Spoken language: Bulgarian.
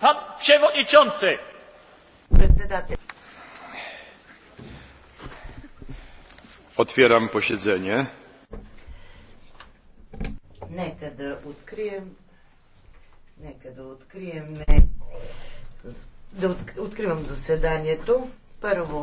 Pan przewodniczący! Председател. Отварям Нека да открием. Нека да открием. Да откривам заседанието. Първо